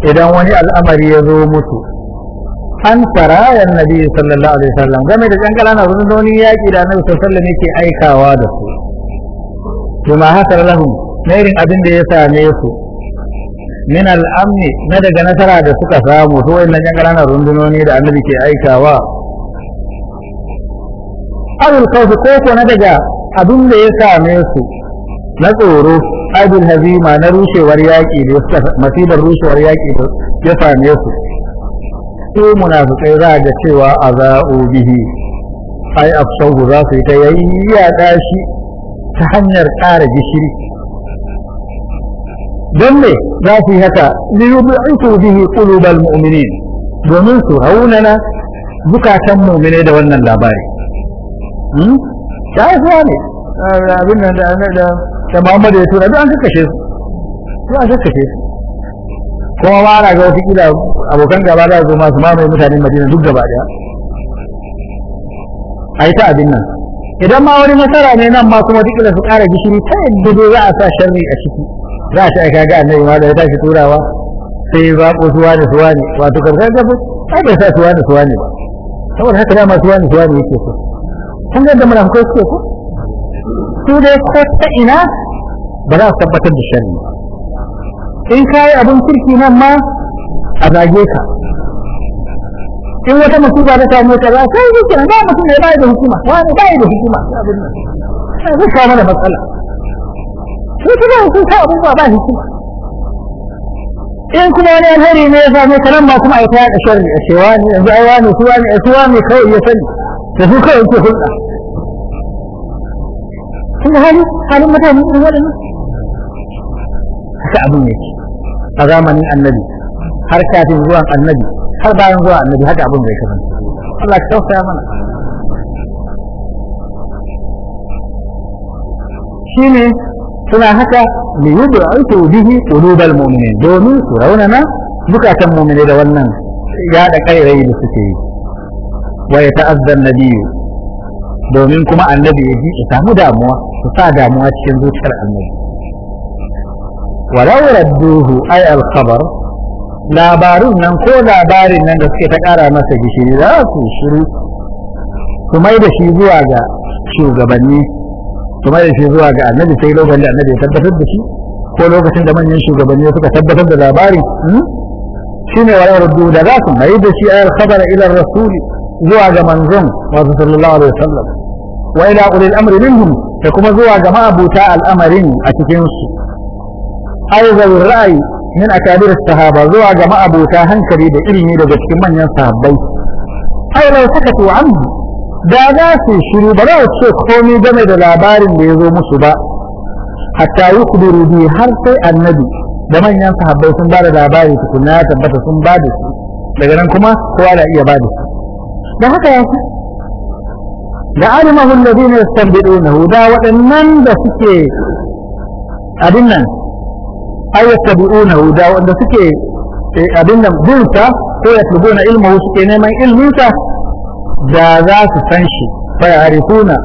idan wani al'amari ya zo mutu. an sarayan nabi sallallahu alaihi wasallam game da jankala na rundunonin yaƙi da annabi sallallahu alaihi yake aikawa da su kuma hasar lahum na irin abin da ya same su min al'amni na daga nasara da suka samu su wannan jankala na rundunoni da annabi ke aikawa abul kawfi ko ko na daga abin da ya same su na tsoro abul hazima na rushewar yaƙi da masibar rushewar yaƙi da ya same su su munafikai za ga cewa a za'u bihi ai afsahu za su yi ta yayyada shi ta hanyar ƙara gishiri don me za su yi haka liyubitu bihi qulubal mu'minin domin su raunana zukatan mu'mine da wannan labari ta hmm? yi suwa ne abin nan da da ya tura duk an kakkashe su duk an kakkashe su kuma ba na ga wata kila abokan gaba da zo masu mamaye mutanen madina duk gaba daya a yi ta abin nan idan ma wani nasara ne nan ma kuma da su ƙara gishiri ta yadda dai za a sa sharri a ciki za a ci aika ga annabi ma da ya tashi turawa sai ba ko suwa ne suwa ne wato karkar gafi ai bai sa suwa ne suwa ne ba saboda haka dama suwa ne suwa ne yake so kun ga da munafukai suke ko su dai ko ta ina ba za su tabbatar da sharri ba in ka yi abin kirki nan ma a zage ka in wata musiba ta samu ta za sai yi kira ba mutum ne bai da hukuma wani bai da hukuma sai kawo mana matsala sai kuma sun ka abin ba hukuma in kuma wani alheri ne ya same ka nan ba kuma aika ya kashar ne cewa ne yanzu ai wani suwa ne suwa ne kawai ya sani da su kawai ke hulɗa kuma hali halin mutane irin waɗannan haka abin yake a zamanin annabi har kafin zuwan annabi har bayan zuwan annabi haka abin bai kasance Allah ka tausaya mana shine suna haka li yud'u bihi qulubal mu'minin domin su raunana zukatan mu'mini da wannan yada kairai da suke yi wa yata'azza an-nabiyyu domin kuma annabi ya ji samu damuwa su sa damuwa cikin zuciyar annabi walau radduhu ay al-khabar labarun nan ko labarin nan da suke ta kara masa gishiri za su shiru su mai da shi zuwa ga shugabanni su mai da shi zuwa ga annabi sai lokacin da annabi ya tabbatar da shi ko lokacin da manyan shugabanni suka tabbatar da labarin hmm? shine walau radduhu da za su mai da shi ay al-khabar ila zuwa ga manzon wasu sallallahu alaihi kuma zuwa ga ma'abuta al'amarin a cikinsu. aizar ra'ayi min akabir sahaba zuwa ga ma'abota hankali da ilimi daga cikin manyan sahabbai ai lau sakatu anhu da za su shiru ba za su ce komai game da labarin da ya zo musu ba hatta yukbiru bi har sai annabi da manyan sahabbai sun ba da labari tukunna ya tabbata sun ba da su daga nan kuma kowa da iya ba da su da haka ya fi da alimahu alladhina yastanbidunahu da waɗannan da suke abin nan ay yattabi'unahu da wanda suke abin nan binsa ko yatlubuna ilmuhu suke neman ilminsa da za su san shi fa yarifuna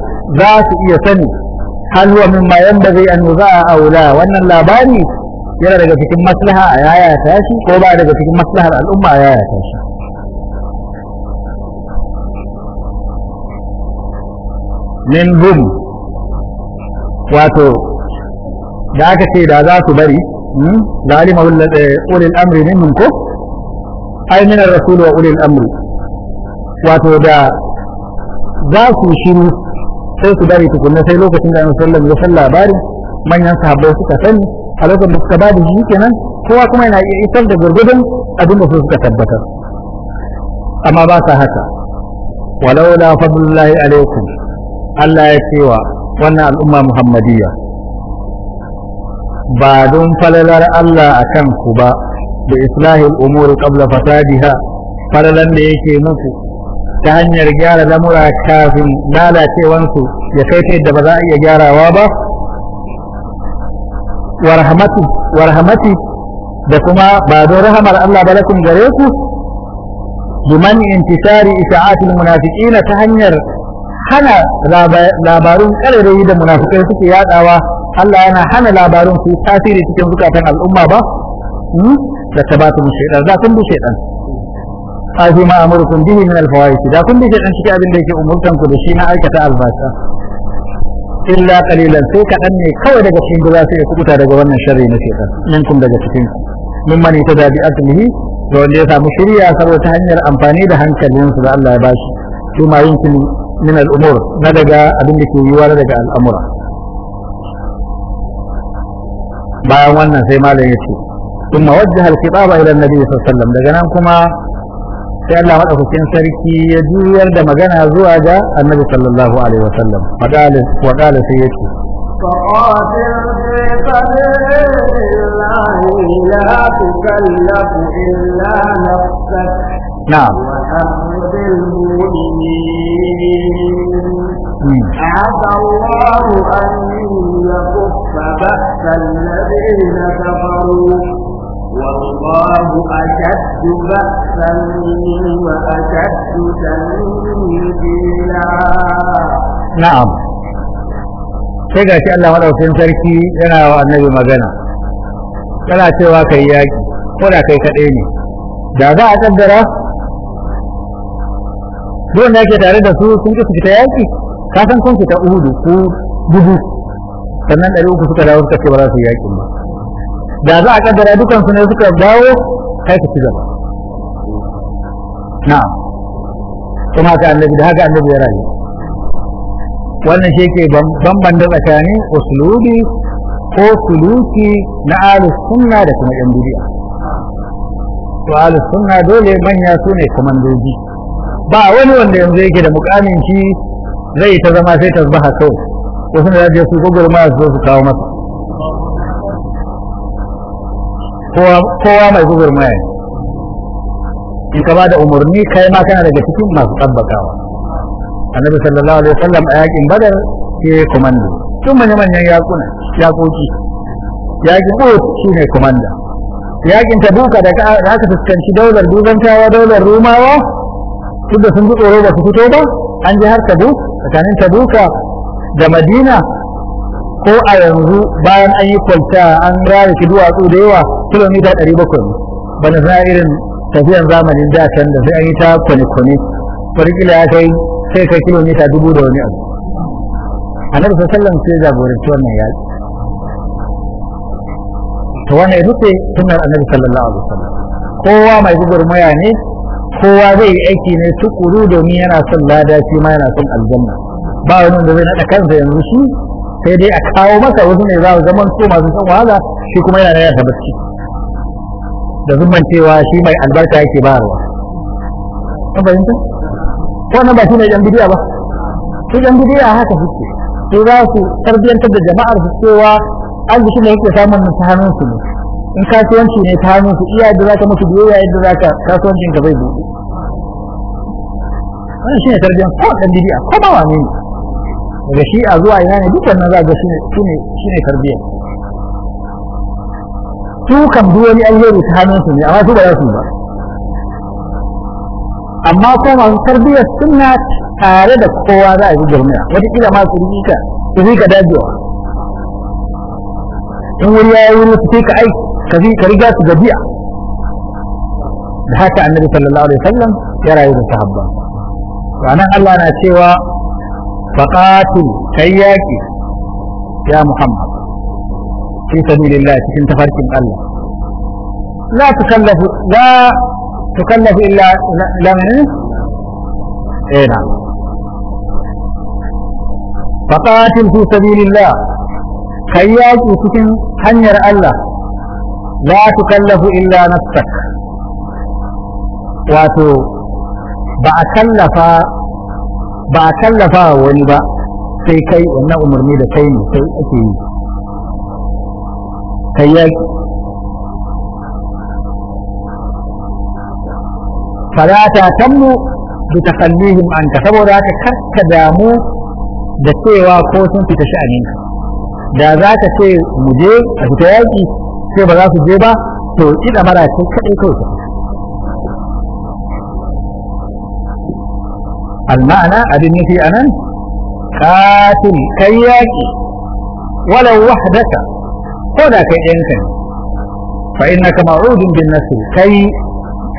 za su iya sani hal huwa mimma yanbaghi an yuza'a aw la wannan labari yana daga cikin maslaha a yaya ta shi ko ba daga cikin maslahar al'umma a yaya ta shi min hum wato da aka ce da za su bari لعلمه أولي الأمر منهم كف أي ulil amri. Wato da za su shiru sai su bari tukunna sai lokacin da annabi sallallahu alaihi wasallam bari manyan sahabbai suka sani a lokacin da suka ba da shi kenan kowa kuma yana iya isar da gurgudun abin da suka tabbatar amma ba sa haka walaula fadlullahi alaikum Allah ya cewa wannan al'umma muhammadiyya ba don falalar Allah a kanku ba da islahil umuri qabla fasadiha falalan da yake muku ta hanyar gyara lamura kafin lalacewansu ya kai ta yadda ba za a iya gyarawa ba warhamati da kuma ba don rahamar Allah ba lakum gare ku biman intisari isha'atul munafiqina ta hanyar hana labarun karairayi da munafikai suke yadawa Allah yana hana labarin su tasiri cikin zukatan al'umma ba hmm? da tabatun shaidan za kun bi shaidan fi ma amurukum bihi min al da kun bi shaidan cikin abin da yake umurtan ku da shi na aikata albasa illa qalilan sai kaɗan ne kawai daga cikin da za su iya kubuta daga wannan sharri na shaidan minkum daga cikin mimman yatada bi aslihi da wanda ya samu shirya saboda hanyar amfani da hankalinsu da Allah ya bashi su ma yin min al na daga abin da ke yiwuwa daga al'amura bayan wannan sai malam ya ce ثم وجه الخطاب الى النبي صلى الله عليه وسلم daga nan kuma sai Allah madaukakin sarki ya juyar da magana zuwa ga Annabi sallallahu alaihi wasallam fadalin wa qala sai yace فقاتل في عسى الله أن يكف بأس الذين كفروا والله أشد بأسا وأشد نعم sai ga shi Allah maɗaukin sarki yana wa annabi magana yana cewa kai yaƙi ko da kai kaɗai ne da za a ƙaddara duk wanda yake tare da su sun ki su fita yaƙi ka san kun fita uhudu ko gudu sannan ɗari uku suka dawo suka ce ba za su yi yaƙin ba da za a ƙaddara dukan su ne suka dawo kai ka ci gaba na kuma ka annabi da haka annabi ya rayu wannan shi ke da tsakanin usulubi ko suluki na alus sunna da kuma yan bid'a to alus sunna dole manya su ne kamandoji ba wani wanda yanzu yake da mukamin shi zai ta zama sai zubaha kawai wasu da yaje su ma su su kawo masa kowa mai gugurma ya in ka bada umarni kai ma kana daga cikin masu tabbakawa annabi sallallahu alaihi wasallam a yakin badar ke komando tun manya manyan yakuna yakoki yakin uhud shine komanda yakin tabuka da aka fuskanci daular dubantawa daular rumawa duk da sun ji tsoro ba su fito ba an ji har tabuk tsakanin tabuka da madina ko a yanzu bayan an yi kwalta an rari ki duwatsu da yawa kilomita ɗari bakwai za a irin tafiyan zamanin da can da sai an yi ta kwane-kwane kila ya kai sai kai kilomita dubu da wani abu annabi sai sallan sai jagoranci wannan yaƙi to wannan ya rufe sunnar annabi sallallahu alaihi wasallam kowa mai gugurmaya ne kowa zai yi aiki ne tukuru domin yana son lada shi ma yana son aljanna ba wani da zai naɗa kansa yanzu shi sai dai a kawo masa wasu ne za su zama su masu son wahala shi kuma yana da yasa da zumman cewa shi mai albarka yake barwa. kun fahimta wannan ba shi ne yan bidiya ba su yan bidiya haka suke su za su tarbiyyantar da jama'ar su cewa arzikin da yake samun ta hannunsu ne in kasuwanci ne ta hannunsu iya yadda za ka musu biyayya yadda za ka kasuwancin ka zai buɗe wannan shine tarbiyyar ko dan bidiya ko ba wani daga shi a zuwa ina ne duk wannan za ga shine shine shine tarbiyya su kan bi wani alheri ta hannun su ne amma su ba za su ba amma ko masu tarbiyyar suna tare da kowa za a yi jami'a wataƙila ma su rika su rika dajewa in wuri ya yi wuri su ka aiki ka ka riga su gajiya da haka annabi sallallahu alaihi wasallam ya rayu da sahabbansa ranar Allah na cewa faƙatul kai yaƙi ya Muhammad fi sabilillah cikin tafarkin Allah la tukallafu la tukallafu illa lamin eh na faƙatul fi sabilillah kai yaƙi cikin hanyar Allah la tukallafu illa nafsak wato ba a tallafa ba a tallafa wani ba sai kai wannan umarni da kai ne sai ake yi kai ya fara ta tammu bi takallihim anka saboda haka karka damu da cewa ko sun fita sha'aninka da za ka ce mu je a fita yaƙi sai ba za su je ba to ida mara ce kaɗai kawai المعنى أدن في أنا قاتل كياكي ولو وحدك ولا كيانك فإنك موعود بالنسل كي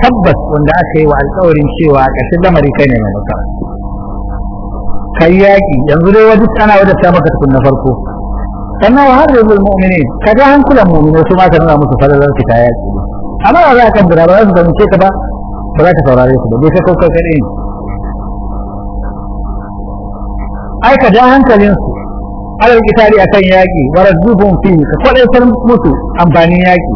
tabbas wanda aka yi wa alkawarin cewa ƙarshen lamari kai ne mai nasara kai yaƙi yanzu dai wajen ana wajen ta maka tukun na farko sannan wa harbe zuwa mu'mini ka ga hankulan mu'mini su ma ka musu ta yaƙi amma za ka kan ba za su ba ba za saurare su ba ai ka ja hankalin su alal kitali akan yaki wa razuhum fi ka kwadai san mutu amfanin yaki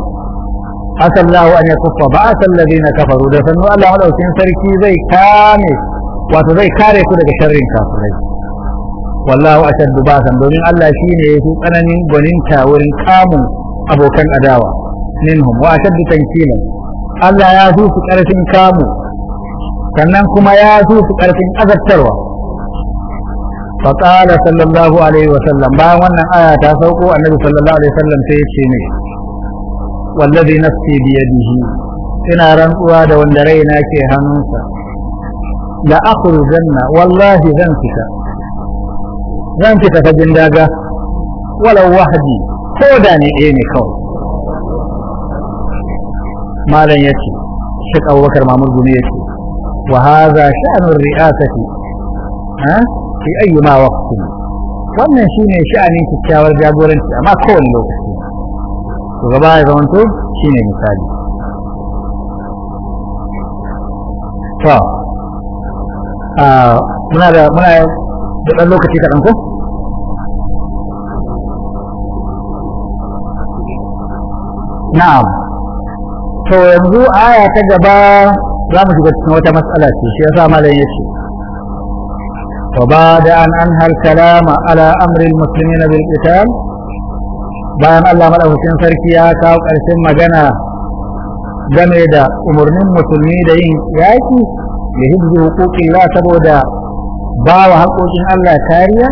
asallahu an yakuffa ba'atal ladina kafaru da sannu Allah madaukin sarki zai kame wato zai kare ku daga sharrin kafirai wallahu ashaddu ba'san domin Allah shine yafi tsananin gwaninta wurin kamun abokan adawa minhum wa ashaddu tankilan Allah ya fi su karfin kamu sannan kuma ya fi su karfin azabtarwa fa qala sallallahu alaihi wa sallam bayan wannan aya ta sauko annabi sallallahu alaihi wa sallam sai ya ce ne wallazi nafsi bi yadihi ina rantsuwa da wanda raina ke hannunsa la akhrujanna wallahi zan fita zan fita ta jin daga wala wahdi ko da ni ɗaya ne kawai malam ya ce shi abubakar mamur gumi ya ce wa haza sha'anun ri'asati fi ayyuma waqtin wannan shine sha'anin kyakkyawar jagoranci amma kowane lokaci shugaba ya shi ne misali to muna da muna da ɗan lokaci kaɗan ko na'am to yanzu aya ta gaba za mu shiga cikin wata matsala ce shi yasa malam ya ce an أن أنهى الكلام على أمر na بالقتال bayan Allah maɗaukakin sarki ya kawo ƙarshen magana game da umarnin musulmi da yin yaƙi ya hibzu hukukin la saboda bawa wa haƙoƙin Allah kariya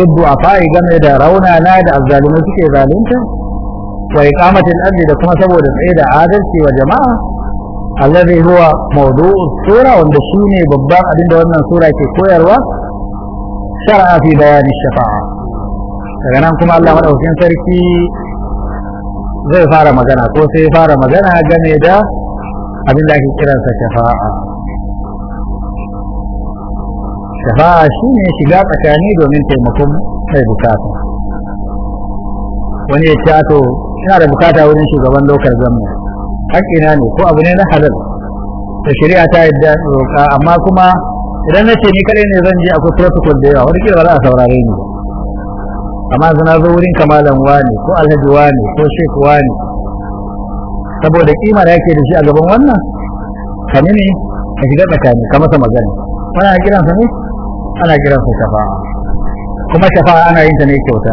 hibzu a fa'i game da raunana da azzalumai suke zalunta wa iqamatil adli da kuma saboda tsaye da adalci wa jama'a alladhi huwa mawdu'u sura wanda shine babban abin wannan sura ke koyarwa shar'a fi bayani shafa'a daga nan kuma Allah madaukakin sarki zai fara magana ko sai fara magana game da abin da ake kiransa shafa'a shafa'a shine shiga tsakani domin taimakon mai bukata wani ya da bukata wurin shugaban lokal zama. haƙina ne ko abu ne na halal da shari'a ta yadda roƙa amma kuma idan na ce ni kaɗai ne zan je akwai protocol da yawa wani kila za a saurare ni amma yanzu na zo wurin kamalan wani ko alhaji wani ko sheik wani saboda kima da yake da shi a gaban wannan ka ne ka shiga tsakani ka masa magana ana kiransa ne ana kiransa shafa'a kuma shafa'a ana yin ta ne kyauta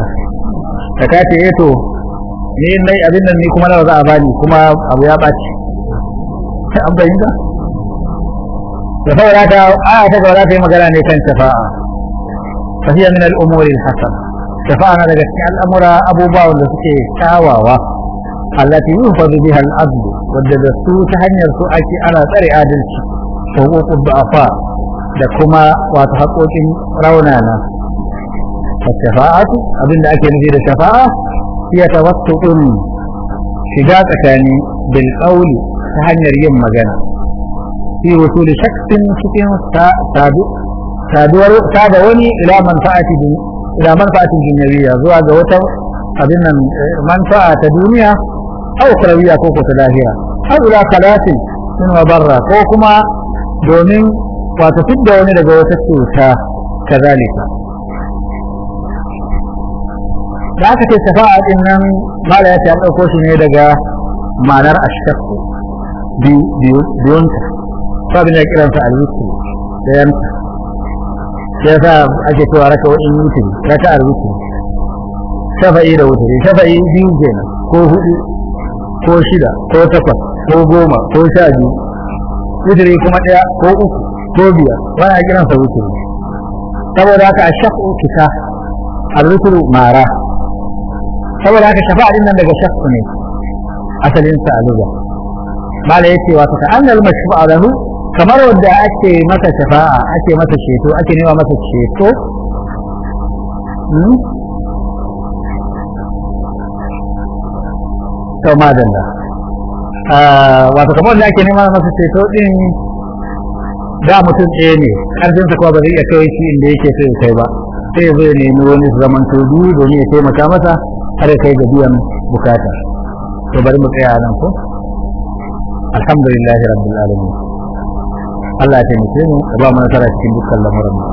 da ka ce eh to ne nai abin nan ne kuma nawa za a bani kuma abu ya baci an bayyana da saboda ta aya ta gaba za ta yi magana ne kan shafa'a fa hiya min al-umuri al-hasana shafa'a na daga cikin al'amura abubuwa wanda suke kyawawa allati yufadu biha al-adl wadda da su ta hanyar su ake ana tsare adalci da hukuku du'afa da kuma wato haƙoƙin raunana fa shafa'atu abinda ake nufi da shafa'a يتوسط شجاعة ثاني بالقول فهن يريم مجانا في وصول شخص شكين سابق سادور سادوني إلى منفعة إلى منفعة الدنيوية زوا زوتا أبنا منفعة الدنيا أو كروية كوكو تلاهية أو لا ثلاثة من وبرة كوكما دونين وتفيد دوني لجوتا كذلك da aka ce shafa'a din nan mala ya ce an ɗauko shi ne daga ma'anar ashakku biyunta sabin ya kiransa alwiki ɗayanta ya sa ake cewa raka wa'in wutiri raka alwiki shafa'i da wutiri shafa'i biyu kenan ko hudu ko shida ko takwas ko goma ko sha biyu wutiri kuma ɗaya ko uku ko biyar wani a kiransa wutiri saboda haka a shaku kisa a rukuru mara saboda haka shafa'a din nan daga shakku ne asalin sa aluga mala yace wa ka annal mashfa'a lahu kamar wanda ake masa shafa'a ake masa ceto ake nema masa ceto hmm? to madalla ah, wato kamar wanda ake nema masa ceto din da mutum ɗaya ne ƙarfinsa kuma ba zai iya kai shi inda yake sai ya kai ba sai zai nemi wani zaman tudu domin ya taimaka masa har kai ga biyan bukata to bari mu tsaya nan ko alhamdulillahi rabbil alamin Allah ya taimake mu ya ba mu nasara cikin dukkan lamuran mu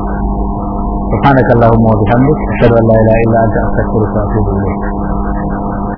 subhanakallahumma wa bihamdika ashhadu an la ilaha illa anta astaghfiruka wa atubu